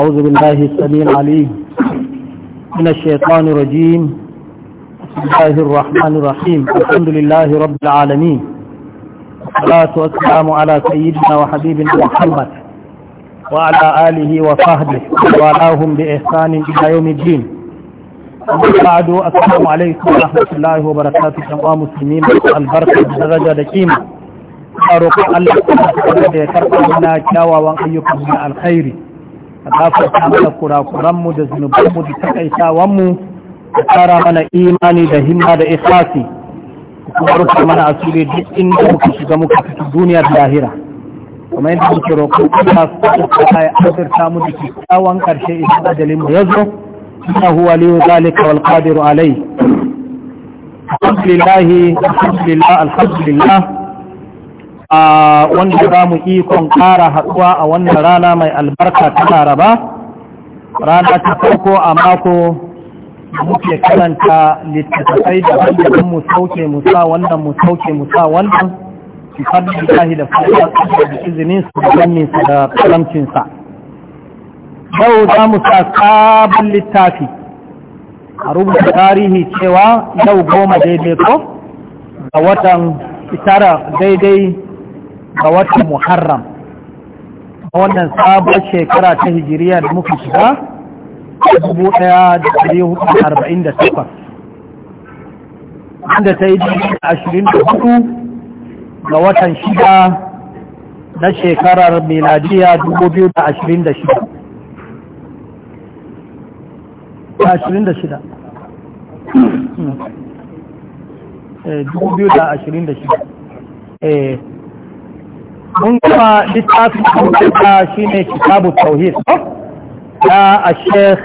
أعوذ بالله السميع العليم من الشيطان الرجيم بسم الله الرحمن الرحيم الحمد لله رب العالمين والصلاة والسلام على سيدنا وحبيبنا محمد وعلى آله وصحبه وعلاهم بإحسان إلى يوم الدين بعد السلام عليكم ورحمة الله وبركاته جماعة مسلمين البركة بدرجة دقيمة أروق الله da ya karɓa mana kyawawan ayyukan na alkhairi ka gafarta mana kurakuranmu da zunubanmu da takaitawanmu ka kara mana imani da himma da ikhlasi kuma rufe mana asiri duk inda muka shiga muka duniya duniyar lahira kuma yadda muke roƙon Allah subhanahu ta ya azurta mu da kyakkyawan karshe idan ajalin mu yazo innahu waliyyu zalika wal qadiru alayh alhamdulillah alhamdulillah alhamdulillah a wanda za mu ikon ƙara haɗuwa a wannan rana mai albarka ta laraba rana ta farko a mako muke karanta littattafai da wanda mu sauke musa wannan mu sauke musa wannan su fadin lahi da fadin da izinin su da ganin su da kalamcinsa yau za mu sa sabon littafi a rubuta tarihi cewa yau goma daidai ko a watan tara daidai ga watan muharram a wannan sabon shekara ta hijiriya da muka shiga takwas, wanda ta yi ashirin da hudu ga watan shida na shekarar miladiya 2026 26 2026 eh mun kuma littafin kuma shi ne kitabu tauhid ya a sheikh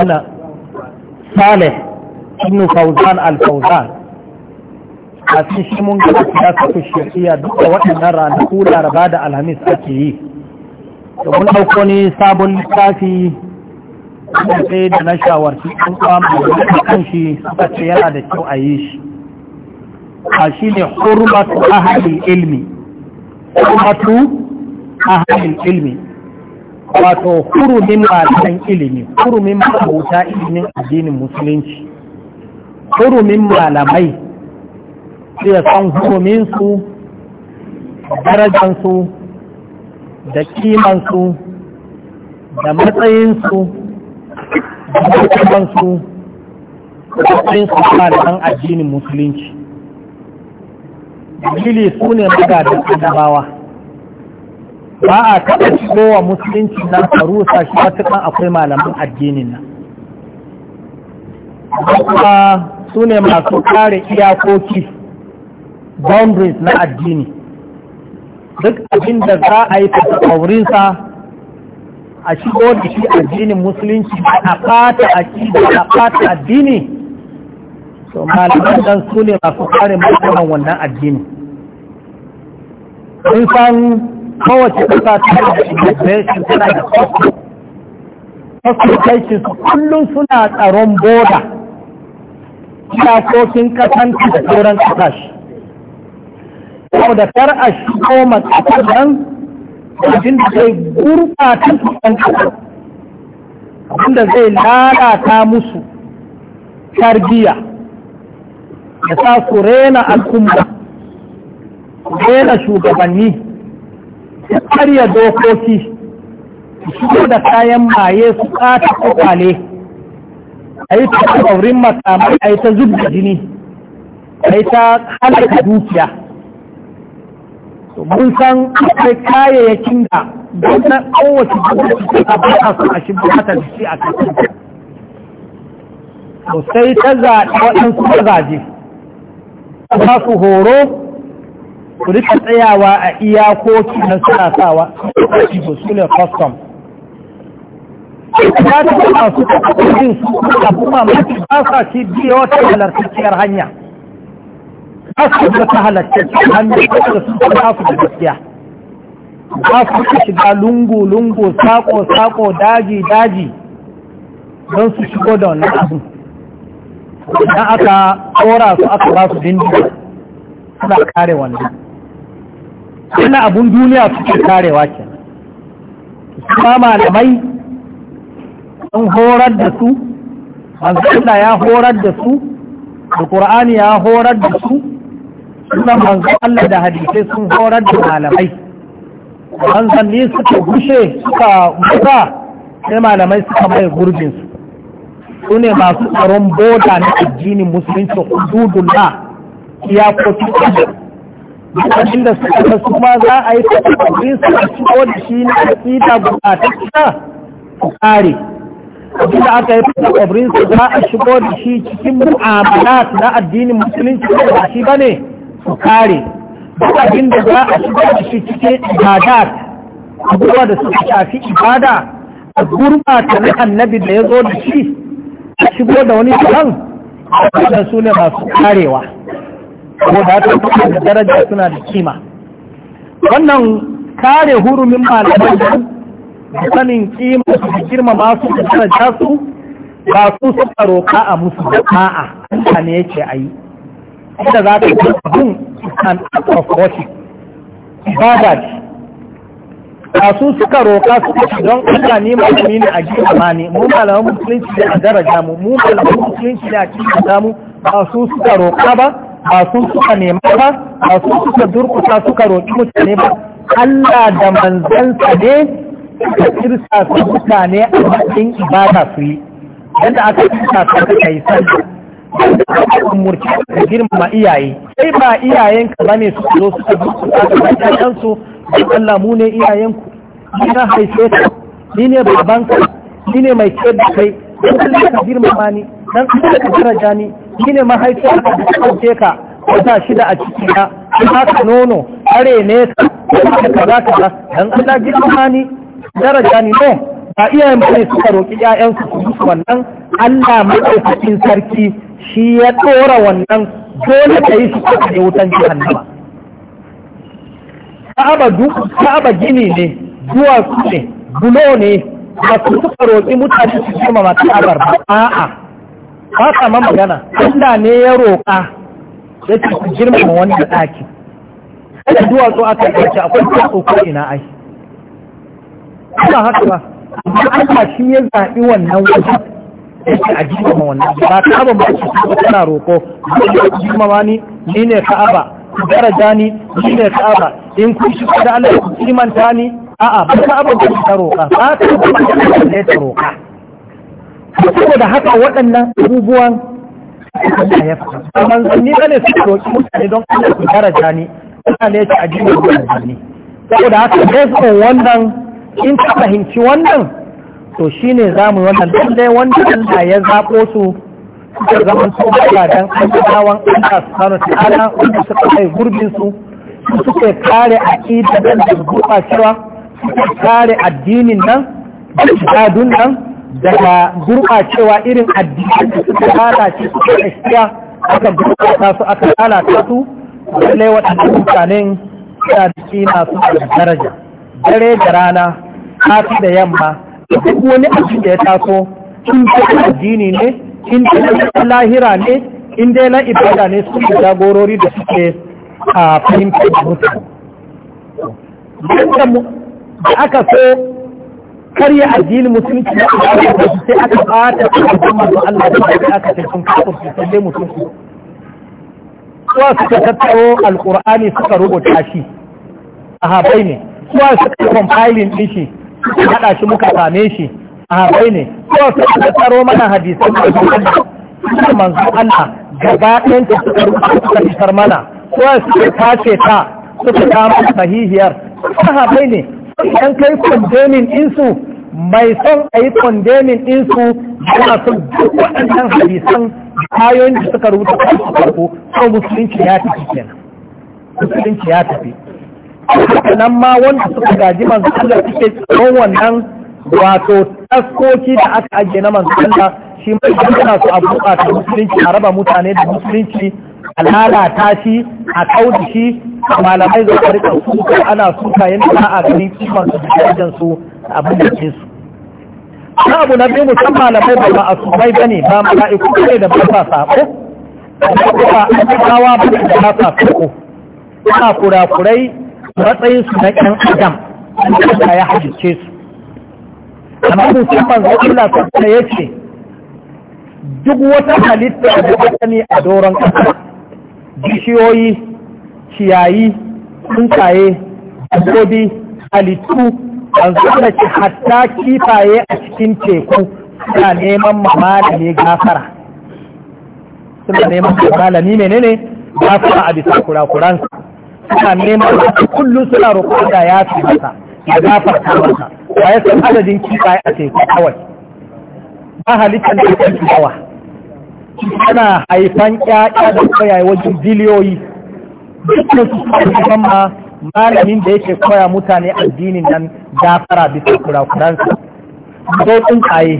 ana saleh ibn fauzan al-fauzan a cikin mun gaba siyasatu shari'a duka waɗannan ranaku laraba da alhamis ake yi da mun ɗauko ne sabon littafi da sai da na shawarci sun kwamma kan shi suka ce yana da kyau a yi shi a shi ne hurmatu ahalin ilmi hurmatu ahalin ilmi wato hurumin malaman ilimi hurumin mabuta ilimin addinin musulunci hurumin malamai ya san huruminsu darajansu da kimansu da matsayinsu da matsayinsu da matsayinsu malaman addinin musulunci dalili su ne magadan annabawa ba a taɓa wa musulunci na a rusa shi matukan akwai malaman addinin nan kuma su ne masu kare iyakoki boundaries na addini duk abin da za a yi sa a shigo da shi addinin musulunci a fata a a fata addini to malaman dan su ne masu kare musamman wannan addini sun san kowace ƙasa ta da immigration suna da kwasu kwasu su kullum suna tsaron boda iyakokin kasanta da sauran ƙasashe da kar a shigo matsakar nan abin da zai gurɓata su ɗan ƙasar abin da zai lalata musu tarbiyya ya sa su rena al'umma su rena shugabanni su karya dokoki su shigo da kayan maye su ƙata kwakwale a yi ta tsaurin makamai a yi ta zub da jini a yi ta halaka dukiya mun san akwai kayayyakin da don na kowace gwamnati ta ba a su a shi bukatar da shi a kasar sosai ta zaɓi waɗansu mazaje ba su horo ku rika tsayawa a iyakoki na suna sawa su sule custom ya ta kuma su ta kudin su a kuma mafi ba sa ci biya wata halartacciyar hanya ba su da ta halartacciyar hanya da su ta su da gaskiya ba su ta shiga lungu-lungu sako-sako daji-daji don su shigo da wannan abin idan aka tsora su aka ba su bindiga suna kare wannan suna abun duniya suke karewa ke kuma malamai sun horar da su manzana ya horar da su ƙura'ani ya horar da su suna manzan Allah da hadisai sun horar da malamai manzanni suka gushe suka gusa sai malamai suka mai gurbinsu su ne masu tsaron boda na addinin musulunci Ya hududullah iyakoki lokacin da suka kasu su ma za a yi tattalin su a ciko da shi na aƙida buƙatar ku kare abin da aka yi tattalin su za a shigo da shi cikin mu'amala na addinin musulunci da shi ba ne su kare duk abin da za a shigo da shi cikin ibadat abubuwa da suka shafi ibada a gurɓata na annabi da ya zo da shi a shigo da wani kan waɗanda su ne masu karewa ko da ta kuma da daraja suna da kima wannan kare hurumin malaman da sanin kima su girma masu da daraja su ba su suka roka a musu da ma'a ne yake a yi inda za ta yi abin an out of ba ba su suka roƙa su ce don Allah ni malami ne a gina ma ne mu malaman musulunci ne a daraja mu mu malaman musulunci ne a cikin samu ba su suka roƙa ba ba su suka nema ba ba su suka durkusa suka roƙi mutane ba Allah da manzansa ne suka kirsa su mutane a matsayin ibada su yi yadda aka kirsa su suka yi aka umurci ka girmama iyaye sai ba iyayenka bane su zo suka durkusa ga ɗansu don Allah mu ne iyayenku ni na haife ka ni ne babanka ni ne mai ce da kai don ne ka girmama ni don Allah ka daraja ni ni ne mahaifiyar ka da ka ka wata shida a ciki na ka haka nono are ne ka ka za ka don Allah girmama ni daraja ni no ba iyayen bane suka roƙi ƴaƴansu su musu wannan Allah maɗaukakin sarki shi ya ɗora wannan dole ka yi shi kuka da wutan jihannama ka'aba gini ne duwatsu ne bulo ne ba su suka roƙi mutane su girma ma ka'abar ba a'a ba sa ma magana Allah ne ya roƙa ya ce su girma ma wani da ɗaki kada duwatsu aka yi ƙarshe akwai duwatsu ko ina ai ba haka ba amma Allah shi ya zaɓi wannan wajen ya ce a girma ma wannan ba ka'aba ba ce tana roƙo girma ma ni ni ne ka'aba ku daraja ni shi ne tsaba, in kun shi da Allah ku kimanta ni a'a ba ka abin da ta roƙa ba ta abin da ya ta roƙa saboda haka waɗannan abubuwan Allah ya faɗa amma zanni ne su roƙi mutane don Allah ku daraja ni Allah ne ya ajiye ku daraja ni saboda haka based on wannan in ka fahimci wannan to shine zamu wannan lallai wanda Allah ya zaɓo su suka zama su dan annabawan Allah subhanahu wa ta'ala wanda suka kai gurbin su suke kare aqida da cewa suke kare addinin nan da jihadun nan daga cewa irin addinin da suka ce suka gaskiya aka ta su aka ta su lalle waɗannan mutanen suna da kima su daraja dare da rana kafi da yamma duk wani abin da ya taso in addini ne in dai lahira ne in dai na ibada ne su ne jagorori da suke a fahimtar da mutane da aka so karya addinin mutunci na ibada sai aka bata cikin mazu Allah da aka ce sun kafin su sai mutunci. suwa suka tattaro alkur'ani suka rubuta shi a habai ne suwa suka compiling din shi suka haɗa shi muka same shi sahabai ne ko su da tsaro mana hadisan da su da manzo Allah gaba ɗayan ta suka rubuta suka mana ko su tace ta suka kama sahihiyar sahabai ne idan kai condemning din su mai son a yi condemning din su yana son duk waɗannan hadisan kayoyin da suka rubuta su farko ko musulunci ya tafi kenan musulunci ya tafi nan ma wanda suka gaji manzo Allah suke tsoron wannan wato taskoki da aka ajiye na manzala shi mai yana su a ta musulunci a raba mutane da musulunci a lalata shi a kauda shi malamai za a rika suka ana suka yin ta a gari kuma su da su abin da ke su na abu na biyu malamai ba ba a su ba ne ba mala'iku ne da ba sa sako ba a kawa ba da ba sa sako kurakurai matsayinsu na ƴan adam da ya hajjice su amma sun manzo Allah ta yace duk wata halitta da ta sani a doron ƙasa bishiyoyi ciyayi tsuntsaye dabbobi halittu an zuwa ce hatta kifaye a cikin teku suna neman ne gafara suna neman ne menene gafara a bisa kurakuransa suna neman kullum suna roƙo da ya fi masa ya gafarta masa wa ya san adadin kifa a teku kawai ba halittar da kan kifawa tana haifan ƴaƴa da koyaye wajen biliyoyi Duk da su suka ma malamin da yake koya mutane addinin nan gafara bisa kurakuransa mu zo tsuntsaye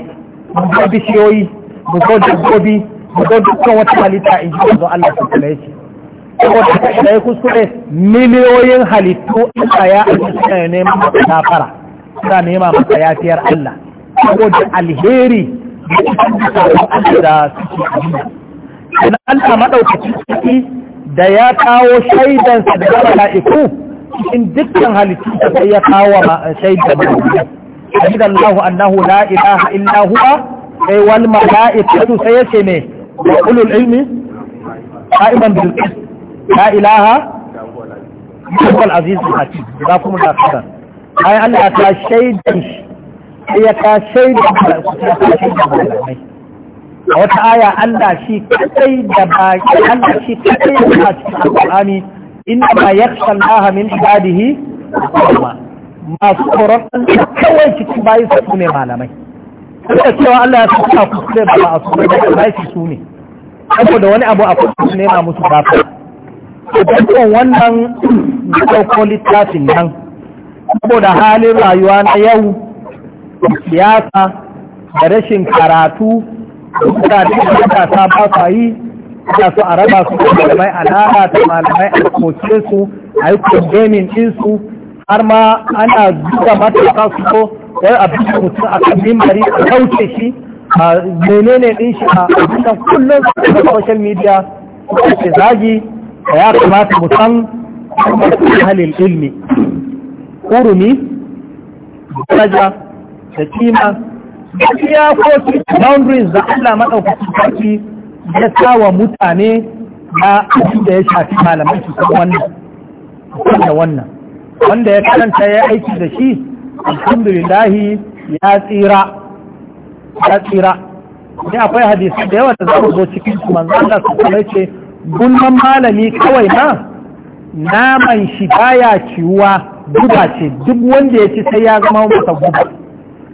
mu zo bishiyoyi mu zo dabbobi mu zo dukkan wata halitta in ji wanzu Allah su kula yake saboda da ya kuskure miliyoyin halittu in ya a cikin neman gafara suna nema masa yafiyar Allah saboda alheri da suke amina sannan Allah maɗaukacin ciki da ya kawo shaidansa da mala'iku cikin dukkan halittu da sai ya kawo shaidan mala'iku shahid Allah annahu la ilaha illa huwa sai wal mala'ikatu sai yace ne wa ulul ilmi qa'iman bil qist la ilaha huwa al aziz al hakim da kuma da ai Allah ta shaidan shi ya ta shaidan malamai a wata aya Allah shi kadai da baki Allah shi kadai da ba cikin Qur'ani inna ma yakhsha Allah min ibadihi masu tsoron Allah kawai cikin bayi su ne malamai suka cewa Allah ya saka kuskure ba a su da bayi su ne saboda wani abu a kuskure ne ma musu gafa idan wannan da ɗauko littafin nan saboda halin rayuwa na yau siyasa da rashin karatu da ta ba su yi ana so a raba su da malamai a da malamai a koce su a yi kwandemin ɗinsu har ma ana duka matasa su ko wai a bisa mutum a kan a kauce shi a menene ɗin shi a abinan kullum a social media su ke zagi da ya kamata mu san halin ilmi Ƙurumi, daraja da kima da iyakoki boundaries da Allah maɗaukacin farki ya sa wa mutane na abin da ya shafi malamai su kan wannan da wannan wanda ya karanta ya aiki da shi alhamdulillahi ya tsira ya tsira ne akwai hadisi da yawa da za mu zo cikin su manzo Allah su kuma ce gulman malami kawai ma naman shi baya ciwuwa guba ce duk wanda ya ci sai ya zama masa guba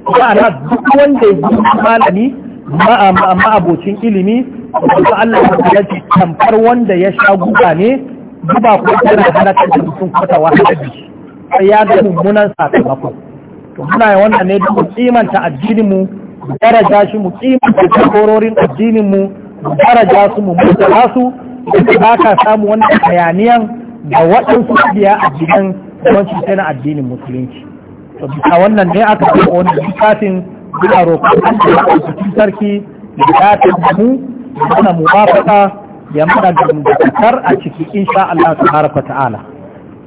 ma'ana duk wanda ya guba malami ma'abocin ilimi wanda Allah ya ce tamfar wanda ya sha guba ne guba ko tana halakar da mutum kwata wa hadabi sai ya ga mummunan sakamako to muna yi wannan ne duk kimanta addinin mu daraja shi mu kimanta takororin addinin mu daraja su mu mutu su ba ka samu wannan bayaniyan da waɗansu biya a gidan wancan sai na addinin musulunci to bisa wannan ne aka ce wani bukatun bila roƙon Allah da sarki bukatun mu mana muwafaka ya mana dangantakar a ciki insha Allah subhanahu ta'ala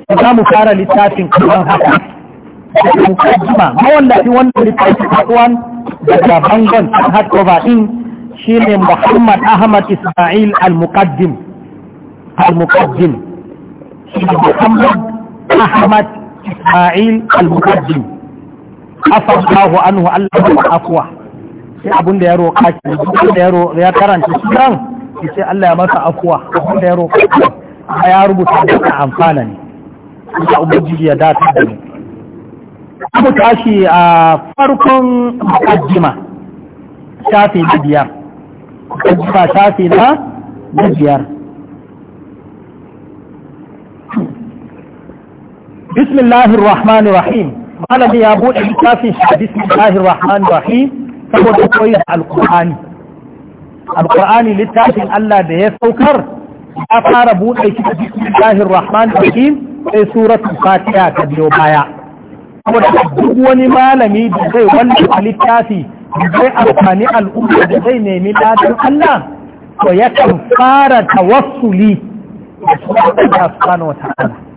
za mu fara littafin kuma haka mu kaddima mawallafi wannan littafin kasuwan daga bangon hardcover din shine Muhammad Ahmad Ismail al-Muqaddim al-Muqaddim Muhammad Ahmad Ismail al-Muqaddim afallahu anhu Allah ya afwa sai abin ya roƙa ki abin da ya karanta sunan sai Allah ya masa afwa abin da ya roƙa ya rubuta da amfana ne Allah ubangiji ya dace da mu abu tashi a farkon mukaddima shafi na biyar mukaddima shafi na biyar bismillahir rahmanir rahim malami ya bude littafin shi bismillahir rahmanir rahim saboda koyi da alqur'ani alqur'ani littafin Allah da ya saukar ya fara bude shi rahmanir rahim sai suratul fatiha ta biyo baya saboda duk wani malami da zai wannan littafi da zai amfani al'umma da zai nemi ladan Allah to yakan fara tawasuli. da sunan Allah subhanahu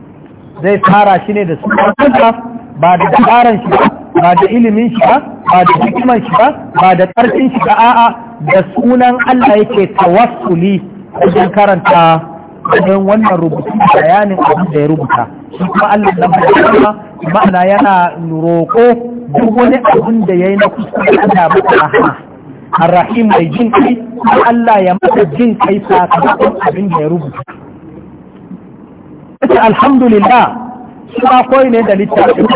zai fara shi ne da sunansa ba da dabaran shi ba da ilimin shi ba ba da hikiman shi ba ba da ƙarfin shi ba a'a da sunan Allah yake tawassuli wajen karanta wajen wannan rubutu bayanin abin da ya rubuta shi kuma Allah da ma'ana yana roƙo duk wani abin da ya na kuskure Allah ba arrahim mai jin kai Allah ya mata jin kai sakamakon abin da ya rubuta ce alhamdulillah suna koyi ne da littafin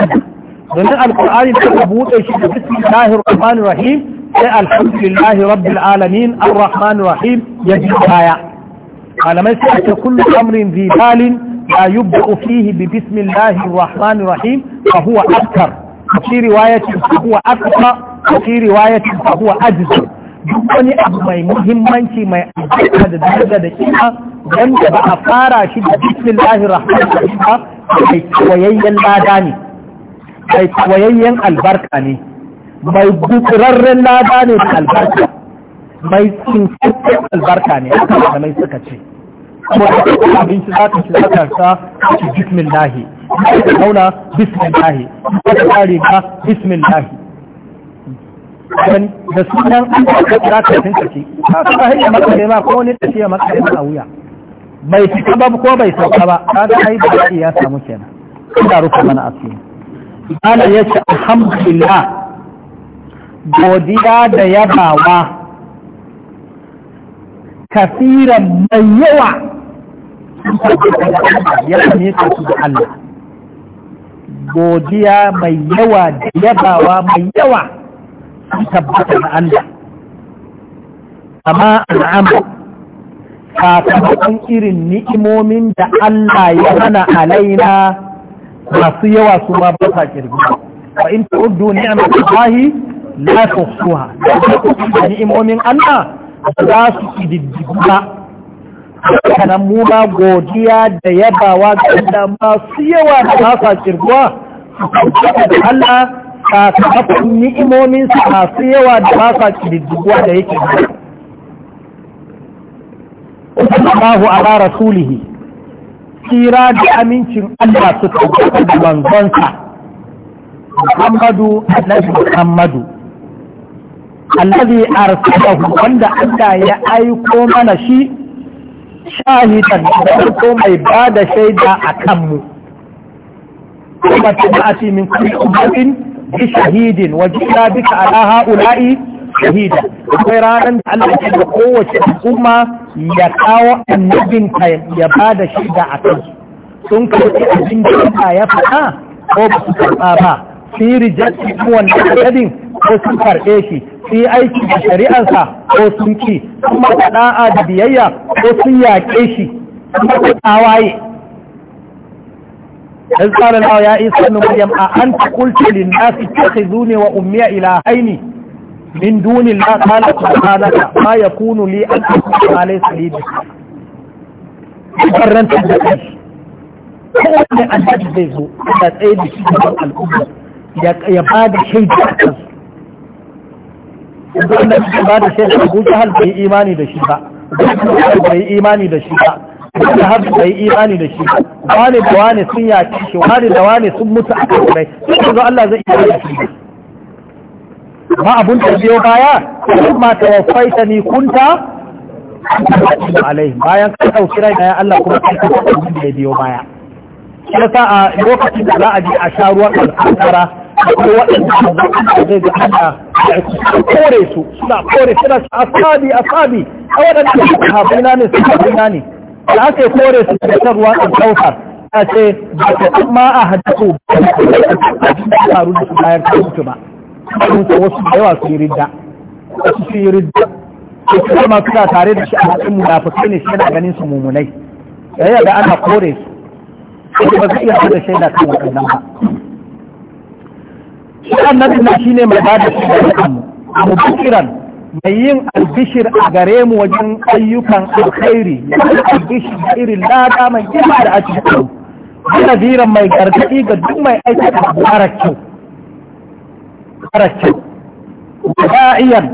domin alkur'ani da ka buɗe shi da bismillahir rahmanir rahim sai alhamdulillah rabbil alamin arrahmanir rahim ya ji baya malamai sai ce kullu amrin bi balin la yubda fihi bi bismillahir rahmanir rahim fa huwa akthar fi riwayati fa huwa akthar fi riwayati fa huwa ajzar duk wani abu mai muhimmanci mai albarka da daraja da wanda ba a fara shi da bismillahir rahmanir rahim ba mai tawayayyen lada ne mai tawayayyen albarka ne mai bukurarren lada ne da albarka mai tsinkakken albarka ne a da mai suka ce kuma da kuma abinci za ka ci za ka sa ci bismillahi ka zauna bismillahi ka ta riga bismillahi da sunan an ka za ka tsinkace ka ta hanyar makare ma ko wani tafiya makare ma a wuya bai fita ba ko bai sauka ba kaga ai ba ya samu kenan ina rufe mana asiri ya ce alhamdulillah godiya da yabawa kafiran mai yawa ya ka su da Allah godiya mai yawa da yabawa mai yawa sun tabbata da Allah amma al'amur sakamakon irin ni'imomin da Allah ya hana alaina masu yawa su ma ba sa kirgi wa in tu'uddu ni'matallahi la tuhsuha ni'imomin Allah za su kididdigu ba kanan mu ba godiya da yabawa ga Allah masu yawa da ba sa kirguwa da Allah sakamakon ni'imomin su masu yawa da ba sa kididdigu da yake ba Allahu ala rasulihi tsira da amincin Allah suka tabbata da manzonsa Muhammadu annabi Muhammadu allazi arsalahu wanda Allah ya aiko mana shi shahidan da ko mai ba da shaida a kanmu kuma tabbati min kulli ummatin bi shahidin wa jina bika ala haula'i shahida akwai ranar da Allah ya da kowace al'umma ya kawo annabinka ya ba da shida a kansu sun karɓi abin da Allah ya faɗa ko ba su karɓa ba sun yi rijakci wannan adadin ko sun karɓe shi sun yi aiki da shari'arsa ko sun ki sun mata ɗa'a da biyayya ko sun yaƙe shi sun mata waye. dan tsarin ya isa ibn maryam a anta qultu lin nasi zune wa ummiya haini min dunin la kala subhanaka ma yakunu li an aqula laysa li bi karanta da kai kowane annabi zai zo da tsaye da shi da al'umma ya ba da shaida a kan yanzu annabi shi ba da shaida abu jahal bai imani da shi ba bai imani da shi ba da hafi bai imani da shi ba wani da wani sun yaki shi wani da wani sun mutu a kan rai ko Allah zai iya da shi amma abun da biyo baya kuma ta wafaita ni kunta alai bayan ka dauki rai ya Allah kuma ka ta abun da biyo baya kuma ta a lokacin da za a ji a sha ruwan al'adara ko waɗanda zai ga Allah kore su suna kore suna asabi asabi a waɗanda sahabina ne sahabina ne da aka yi kore su da ta ruwan al'adara ta ce ba ta ma a hadasu ba ta faru da su bayan ta mutu ba abin ko wasu da yawa su yi ridda wasu su yi ridda ko kuma suna tare da shi a cikin munafikai ne shi yana ganin su mumunai yaya da ana kore su ko ba zai iya da shaida kan waɗannan ba shi annabi na ne mai ba da shi da mu mubakiran mai yin albishir a gare mu wajen ayyukan alkhairi albishir da irin lada mai girma da ake kyau nadiran mai gargaɗi ga duk mai aiki a da kyau fara kyau ba'iyan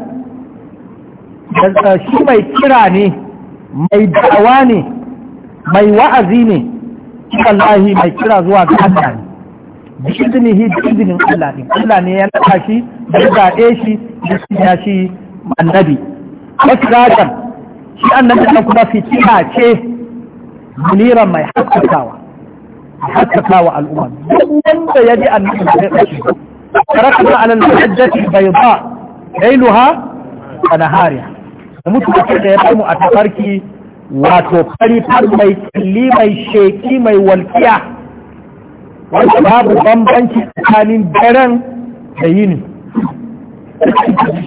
shi mai kira ne mai da'awa ne mai wa'azi ne Allah mai kira zuwa ga Allah ne bi'iznihi bi'iznin Allah ne Allah ne ya naka shi da zaɓe shi da ya shi annabi wasu zaɓen shi annabi na kuma kira ce muniran mai haskakawa haskakawa al'umma duk wanda ya ji annabi zai ɗauki tarakna ala al-hajjati bayda lailuha wa nahariha mutum da ya samu a tafarki wato fari mai kalli mai sheki mai walkiya babu bambanci tsakanin daren da yini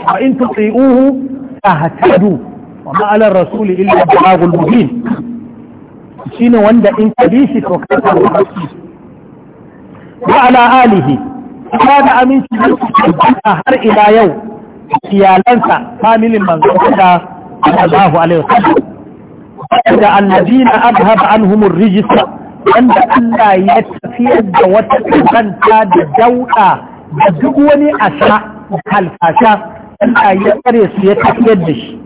wa in tusi'uhu tahtadu wa ma ala illa balagul mubin shine wanda in kabishi to ka samu wa ala alihi kuma aminci da su tabbata har ila yau iyalansa familin manzon Allah sallallahu alaihi wasallam da annabina adhaba anhum ar wanda Allah ya tafiya da wata kanta da dauka da duk wani asha halfasha Allah ya tsare su ya tafiyar da shi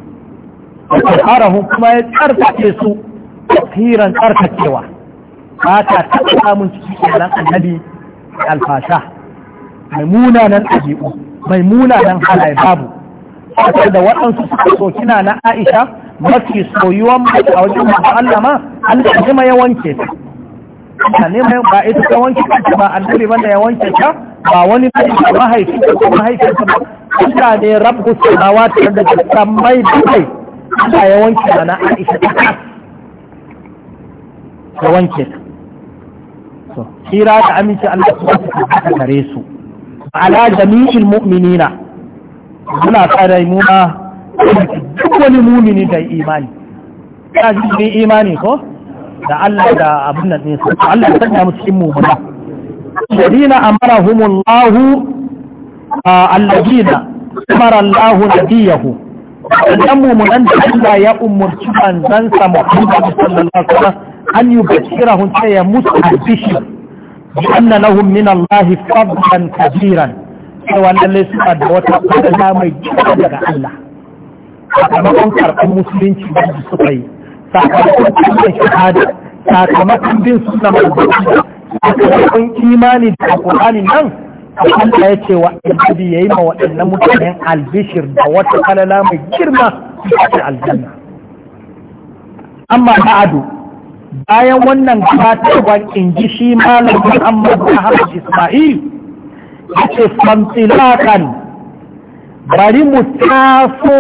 harahun kuma ya tsarkake su tafiran tsarkakewa ba ta taɓa samun cikin annabi alfasha mai nan ɗabi'u mai nan halaye babu fatar da waɗansu suka kina na aisha mafi soyuwan mace a wajen masu Allah ma Allah ne ma ya wanke ta ba ne ma ba ita ta wanke ta ba annabi ba da ya wanke ta ba wani bane ta mahaifi ko mahaifin ta ba Allah ne Rabu rabbu ta da sammai da kai Allah ya wanke ta na aisha ta ya wanke ta kira hira da aminci Allah su ta kare su ala jami'il mu'minina muna fara mu ma duk wani mumini da imani kana ji bi imani ko da Allah da abin nan ne Allah ya sanya mu cikin mu'mina alladina amarahumullahu alladina amara Allah nabiyahu wannan mumunan da Allah ya umurci manzansa Muhammad sallallahu alaihi wasallam an yubashirahum ta ya musu bishir anna lahum min Allah fadlan kabiran cewa lallai suna da wata fadla mai gida daga Allah sakamakon karɓar musulunci da suka yi sakamakon cikin shahada sakamakon bin suna manzanci sakamakon imani da alƙur'ani nan Allah ya ce wa yi yayi ma waɗannan mutanen albishir da wata falala mai girma a aljanna amma ba'adu bayan wannan gabatarwar in ji shi malam muhammad ahmad ismail ya ce samtilakan bari mu taso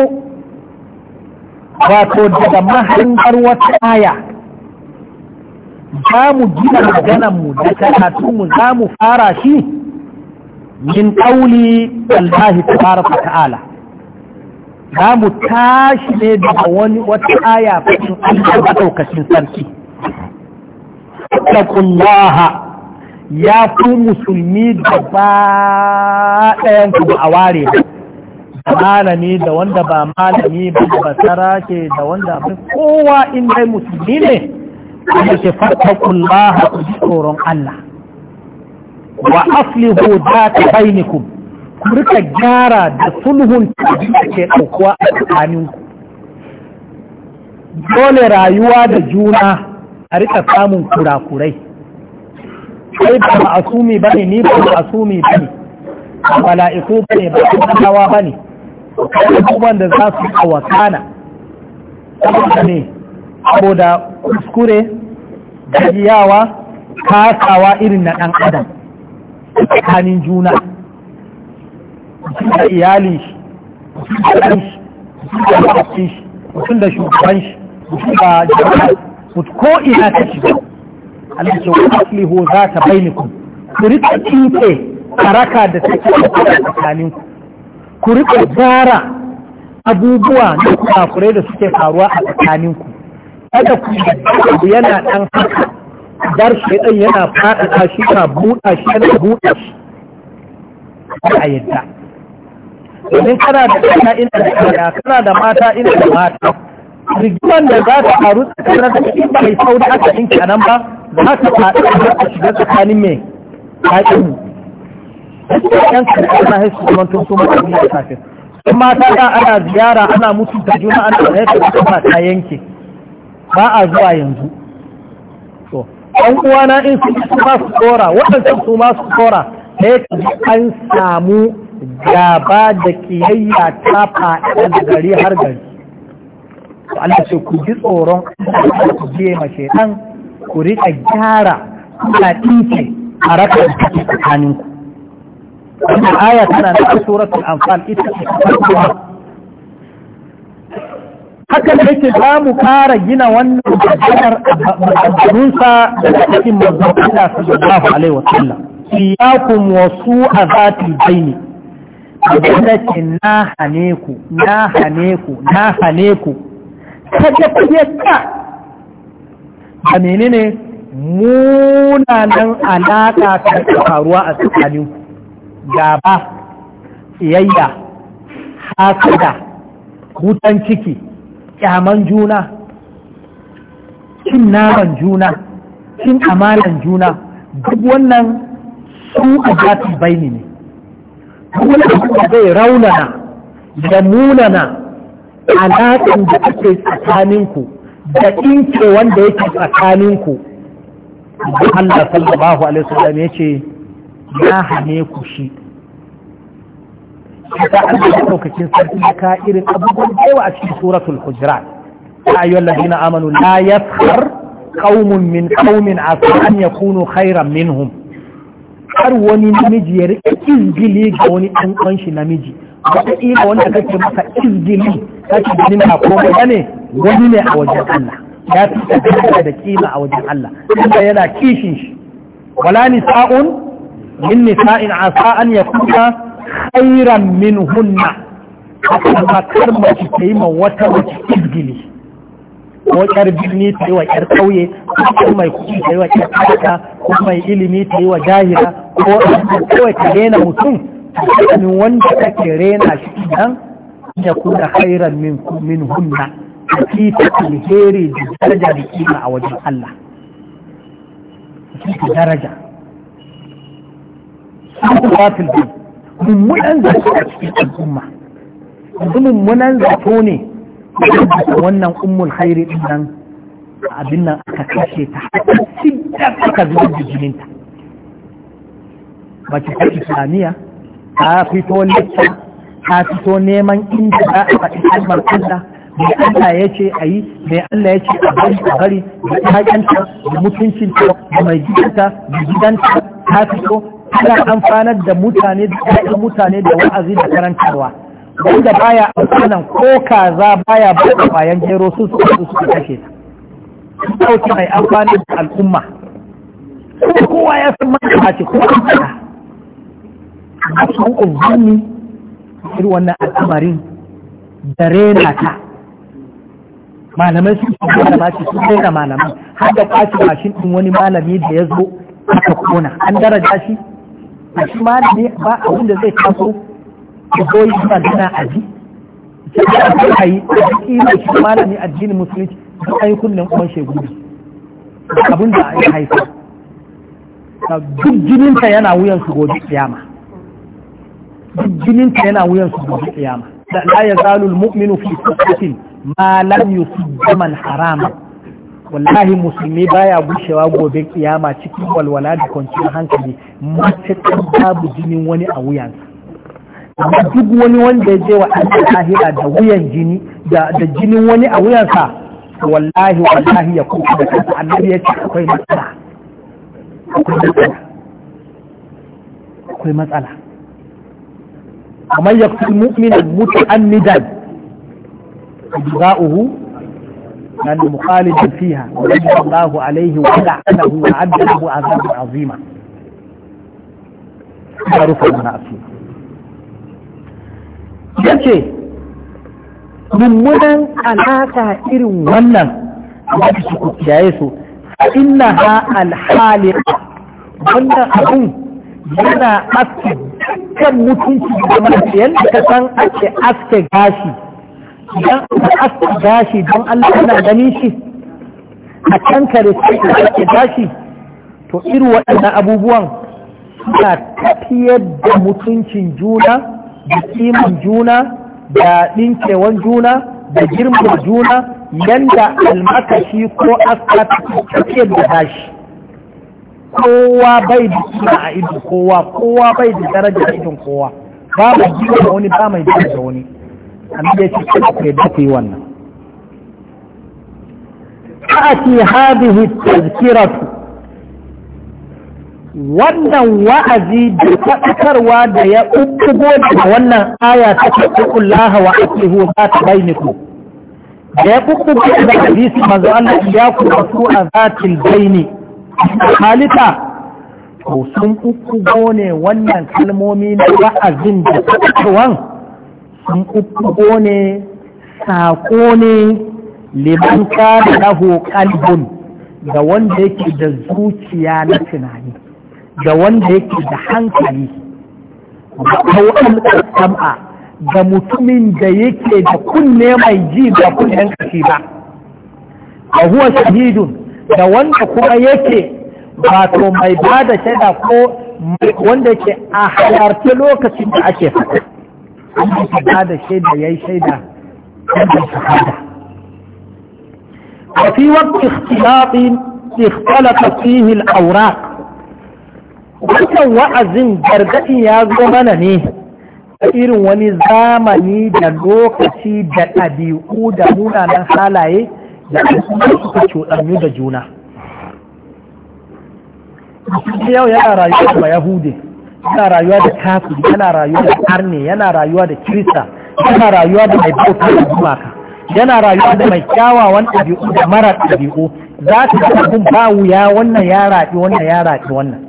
wato daga mahangar wata aya za mu gina maganarmu da karatunmu za mu fara shi min ƙauli allahi tabaraka ta'ala za mu tashi ne daga wani wata aya fashin allah maɗaukacin sarki Allah ya fi musulmi gaba ɗayan ku a ware da malami da wanda ba malami ba da basara ke da wanda ba kowa in dai musulmi ne da ke kullaha ku ji tsoron Allah wa asli aslihu za ta bainikum ku rika gyara da sulhun da ke ɗaukuwa a tsakaninku dole rayuwa da juna a rika samun kurakurai sai ba a sumi ba ne ni ba a sumi ba ne ba mala'iku ba ne ba kuma ba ne abubuwan da za su a wakana saboda ne saboda kuskure gajiyawa kasawa irin na ɗan adam tsakanin juna mutum da iyalin shi da ɗan shi mutum da shi da shugaban shi da jama'a ko ina ta shiga Allah ce wa aslihu za ta bainikum ku rika tsinke karaka da take a tsakanin ku ku rika gara abubuwa na kurakure da suke faruwa a tsakanin ku kada ku yana dan haka dar shaidan yana faɗaɗa shi ka buɗa shi yana buɗa shi a yadda domin kana da ina da kana da mata ina da mata rigimar da za ta faru tsakanin da in ba mai sauri aka yanke a nan ba za ta faɗi a ta shiga tsakanin mai haƙin yan karkar na haifu kuma tun su mata biyu kafin sun mata da ana ziyara ana mutu da juna ana da da kuma ta yanke ba a zuwa yanzu to ɗan uwana in su su ma su tsora waɗancan su ma su tsora da yadda an samu gaba da kiyayya ta faɗa da gari har gari Allah ce ku ji tsoron ku je ma shaitan ku rika gyara kuna tinke a rakar tsakanin ku wannan aya tana na suratul anfal ita ce farko haka da yake za mu fara gina wannan maganar maganarunsa da cikin manzon Allah sallallahu alaihi wa sallam iyakum wa su'a zati baini da ce na hane ku na hane ku na hane ku kaje-kaje a menene munanan alaƙa ta faruwa a tsakanin gaba tsiyayya hasada hutan ciki kyaman juna cin naman juna cin amalan juna duk wannan su a jati baini ne duk zai raunana da munana alaƙan da ake tsakaninku da ɗinke wanda yake tsakaninku da Allah sallallahu alaihi wasallam ya ce ya hane ku shi ta Allah ya ɗaukakin sarki ya ka irin abubuwan da a cikin suratul hujurat ya ayyuhal ladina amanu la yaskhar qaumun min qaumin asa an yakunu khairan minhum har wani namiji ya rike izgili ga wani ɗan ƙwanshi namiji wata ƙila wanda kake maka izgili kake ganin na ko ba ne wani ne a wajen Allah ya fi tafiya da ƙima a wajen Allah inda yana kishin shi wala ni sa'un? min nisa'in asa an yakuna khairan min hunna haka ma kar mace ta yi ma wata mace izgili ko yar birni ta yi wa yar kauye ko mai kuɗi ta yi wa yar ko mai ilimi ta yi wa jahira, ko kawai ta daina mutum tsakanin wanda kake rena shi idan ya kuna khairan min min hunna hakika alheri da daraja da kima a wajen Allah hakika daraja Sun sabatul bi mummunan zato a cikin al'umma yanzu mummunan zato ne wannan ummul hairi din nan abin nan aka kashe ta har siddar aka zuwa jininta mace ta islamiyya ka fito lissa ka fito neman inda za a faɗi kalmar Allah mai Allah ya ce a yi mai Allah ya ce a bari a bari da ƴaƴanta da ta da mai gidanta da gidanta ta fito tana amfanar da mutane da mutane da wa'azi da karantarwa wanda baya amfanan ko kaza baya bada bayan gero su su su su kashe ta ɗauki mai amfani da al'umma kowa ya san mata ce ko an a cikin umarni irin wannan al'amarin da rena ta malamai sun fi malama ce sun rena malaman har da kwace mashin ɗin wani malami da ya zo aka kona an daraja shi a shi malami ba abin da zai taso ya zo yi magana a ji sai a yi kima shi malami addinin musulunci da ayi kunnen kuma shegu abin da ya haifa duk jininta yana wuyan su gobe kiyama duk ta yana wuyan su gobe kiyama da la yazalu almu'minu fi sakatin ma lam yusib man harama wallahi musulmi baya gushewa gobe kiyama cikin walwala da kwanciyar hankali matukan babu jinin wani a wuyansa amma duk wani wanda ya je wa ɗan lahira da wuyan jini da jinin wani a wuyansa wallahi wallahi ya kuka da kansa annabi ya ce akwai matsala akwai matsala kamar ya fi mu'minin mutu an nidan za'uhu nan mukhalifin fiha wa sallallahu alaihi wa la'anahu wa addahu azabun azima rufe mana mummunan alaka irin wannan da su ku kiyaye su innaha alhali wannan abun yana aski dukkan mutunci da mace yadda ka san ake aske gashi idan aka aske gashi don Allah yana gani shi a can kare aske gashi to iri waɗannan abubuwan suna tafiyar da mutuncin juna da kiman juna da ɗinkewan juna da girman juna yadda almakashi ko aska tafiyar da gashi kowa bai da suna a idon kowa kowa bai da daraja a idon kowa ba mai jiwa da wani ba mai jiwa da wani annabi ya ce kada ku yadda ku yi wannan ta'ati hadhihi tazkiratu wannan wa'azi da faɗakarwa da ya ubbugo da wannan aya ta taqullaha wa bai zata ku. da ya ubbugo da hadisi manzo Allah ya ku rasu a zatil baini halitta to sun uku ne wannan kalmomi na wa'azin da tsakirwan sun uku ne saƙo ne liman kada na kalbun ga wanda yake da zuciya na tunani ga wanda yake da hankali ga kawon sam'a ga mutumin da yake da kunne mai ji ba kunne kashi ba a huwa shahidun da wanda kuma yake wato mai ba da shaida ko wanda ke a halarci lokacin da ake faɗa an yi ba da shaida ya yi shaida da shaida a fi wakti ikhtilafin ikhtalata fihi al wannan wa'azin gargadi ya zo mana ne a irin wani zamani da lokaci da ɗabi'u da munanan halaye da suka cuɗanyu da juna yau yana rayuwa da yahudi yana rayuwa da kafiri yana rayuwa da karni yana rayuwa da kirista yana rayuwa da mai bauta da gumaka yana rayuwa da mai kyawawan ɗabi'u da mara ɗabi'u za ta ga kun ba wuya wannan ya raɗi wannan ya raɗi wannan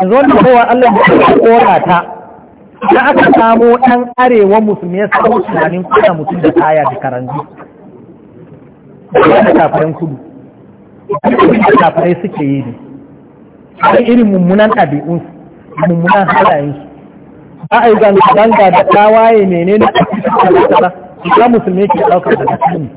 yanzu wannan kowa allah da ya kora ta da aka samo ɗan arewa musulmi ya samu tunanin kuna mutum da kaya da karanzu da kafarin kudu da kafirai suke yi ne har irin mummunan ɗabi'un mummunan halayen su ba a yi zanga da tawaye menene a cikin kasa ba musulmi ke ɗaukar da cikin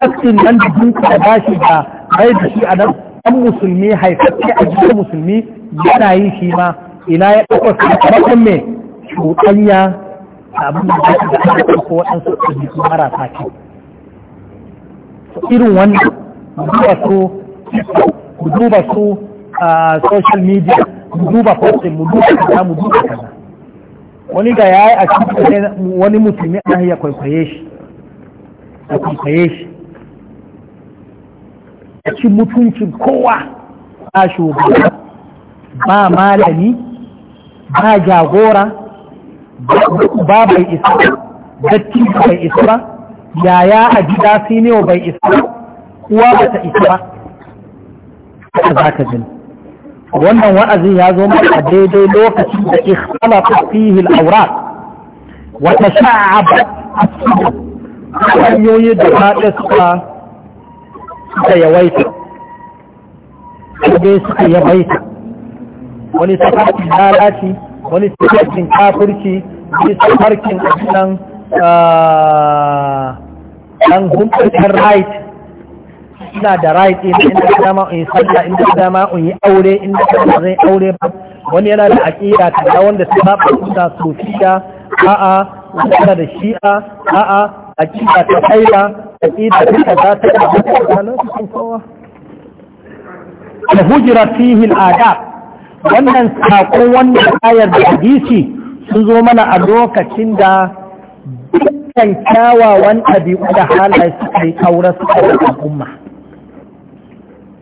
kaskin nan da duka da bashi ba bai da shi a nan an musulmi haifaffe a jikin musulmi yana yi shi ma ina ya ɗaukar sakamakon mai cuɗanya abin da ya ɗaukar waɗansu ɗabi'u marasa kyau irin wannan duba su duba su a social media duba fosil mu duba kaza mu duba kaza wani ga ya yi a cikin wani mutumi a ya kwaikwaye shi a kwaikwaye shi a ci mutuncin kowa ba shugaba ba malami ba jagora ba bai isa ba dattin bai isa ba yaya a gida sai ne bai isa uwa ba ta isa ba haka za ka gani wannan wa'azi ya zo a daidai lokacin da ikhtalafa fihi al-awrat wa tasha'aba hanyoyi da faɗe suka suka yawaita dai suka yawaita wani tafarkin lalaci wani tafarkin kafirci wani tafarkin abinan ah, dan hukumar right ina da right ina inda ka dama in sallah inda ka dama in yi aure inda ka dama zai aure ba wani yana da aqida ta wanda ta ba da sufiya a'a wanda da shi'a a'a aqida ta kaila aqida ta kaza ta kaza nan sun kowa da hujira fihi adab. wannan sakon wannan ayar da hadisi sun zo mana a lokacin da dukkan kyawawan ɗabi'u da halaye suka yi aure suka da al'umma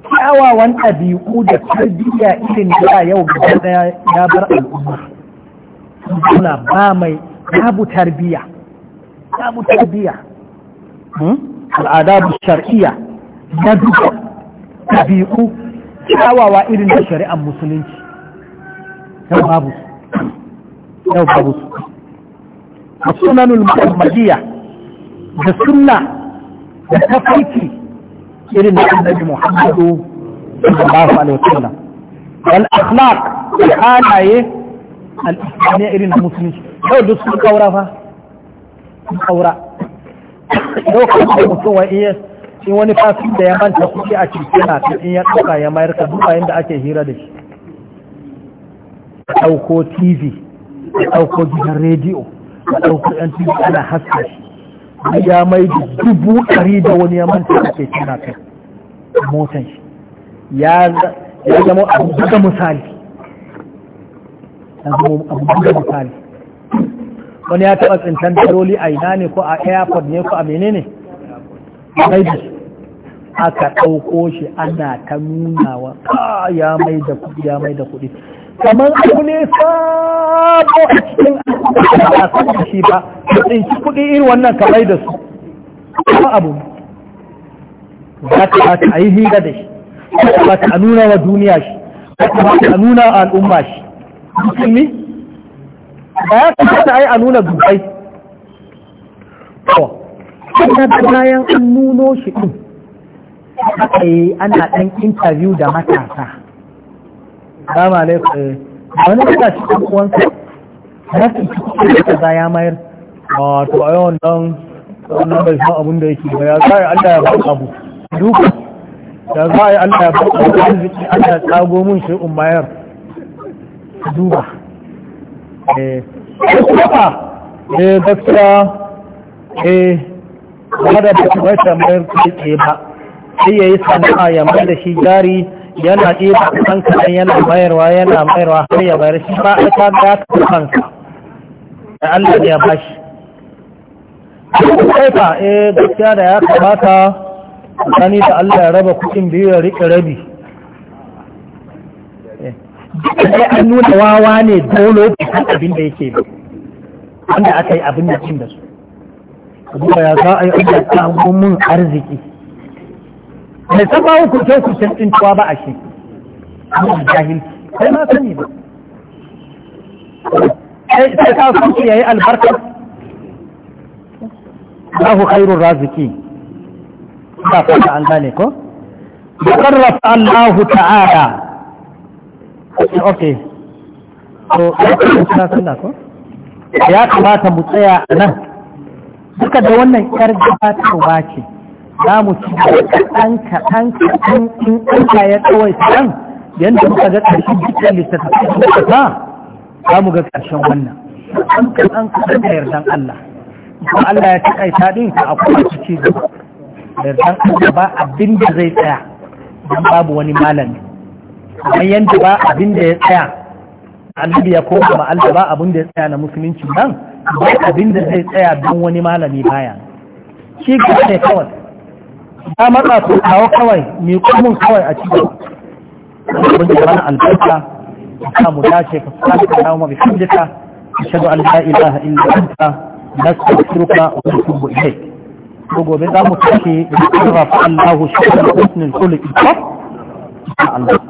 kyawawan ɗabi'u da tarbiyya irin da yau gaba daya ya bar al'umma suna ba mai babu tarbiyya babu tarbiyya hmm? al'adabu shar'iyya na duka ɗabi'u kyawawa irin da shari'ar musulunci yau babu yau babu su a sunanul muhammadiyya da sunna da tafarki irin da annabi muhammadu sallallahu alaihi wasallam wal akhlaq da halaye al islamiyya irin musulunci yau duk sun kaura fa sun kaura yau kuma mutum wa iya in wani fasin da ya manta kuke a cikin na in ya ɗauka ya mayar ka duba yadda ake hira da shi ka ɗauko tv ka ɗauko gidan rediyo a ɗaukar ɗan tv ana haska shi ya mai da dubu ɗari da wani ya manta a ke tana kai motan shi ya zama abu buga misali ya zama abu buga misali wani ya taɓa tsintan taroli a ina ne ko a airport ne ko a menene mai da aka ɗauko shi ana ta nunawa ah, ya mai da kuɗi ya mai da kuɗi kamar abu ne sabo a cikin a san shi ba da tsinci kuɗi irin wannan kamar da su kuma abu za ta ba a yi hira da shi ta ba ta a nuna wa duniya shi ta ba ta nuna wa al'umma shi ni? ba ya kamata a yi a nuna dubai to Ina da bayan an nuno shi ɗin? aka yi ana ɗan intabiyu da matasa salamu alaikum eh, wani suka ci ɗan uwansa na su ci kuɗi kaza ya mayar a to a yawan dan wannan bai san abin da yake ba ya za a Allah ya ba abu duka ya za a Allah ya ba abu arziki Allah ya tsago mun shi in mayar duba eh kuma eh gaskiya eh ba da ba ta mayar kuɗi ba sai ya yi sana'a ya mai da shi jari yana ɗiba kanka ɗan yana mayarwa yana mayarwa har ya bayar shi ba a ta ga ta kanka da Allah ya ba shi kai fa eh gaskiya da ya kamata sani da Allah ya raba kuɗin biyu ya riƙe rabi sai eh, an nuna wawa ne dole san abin da yake ba wanda aka yi abin da cin da su duba ya za a yi ajiyar ta mun arziki mai saba hukunce hukuncen tsintuwa ba a shi amma jahil sai ma sani ba sai ka kuce yayi albarka Allahu khairur raziki ba ta an gane ko يقرف الله تعالى اوكي ya kamata mu tsaya nan duka da wannan yar ta ce za mu ci kaɗan kaɗan kaɗan in Allah ya kawai kaɗan yadda muka ga ƙarshen dukkan littattafai da muka ta za mu ga ƙarshen wannan kaɗan kaɗan kaɗan da yardan Allah Kuma Allah ya taƙaita ɗin ka akwai su ci gaba yardan Allah ba abin da zai tsaya don babu wani malami kamar yadda ba abin da ya tsaya annabi ya koma ma Allah ba abin da ya tsaya na musulunci nan ba abin da zai tsaya don wani malami baya shi ga ne kawai ya matsa su kawo kawai mai kumin kawai a cikin abin da rana albarka ka mu dace ka fara da dawo mai hamdika ashhadu an la ilaha illa anta a wani kubu ilai ko gobe za mu tashi da Allah shi da husnul khuluq Allah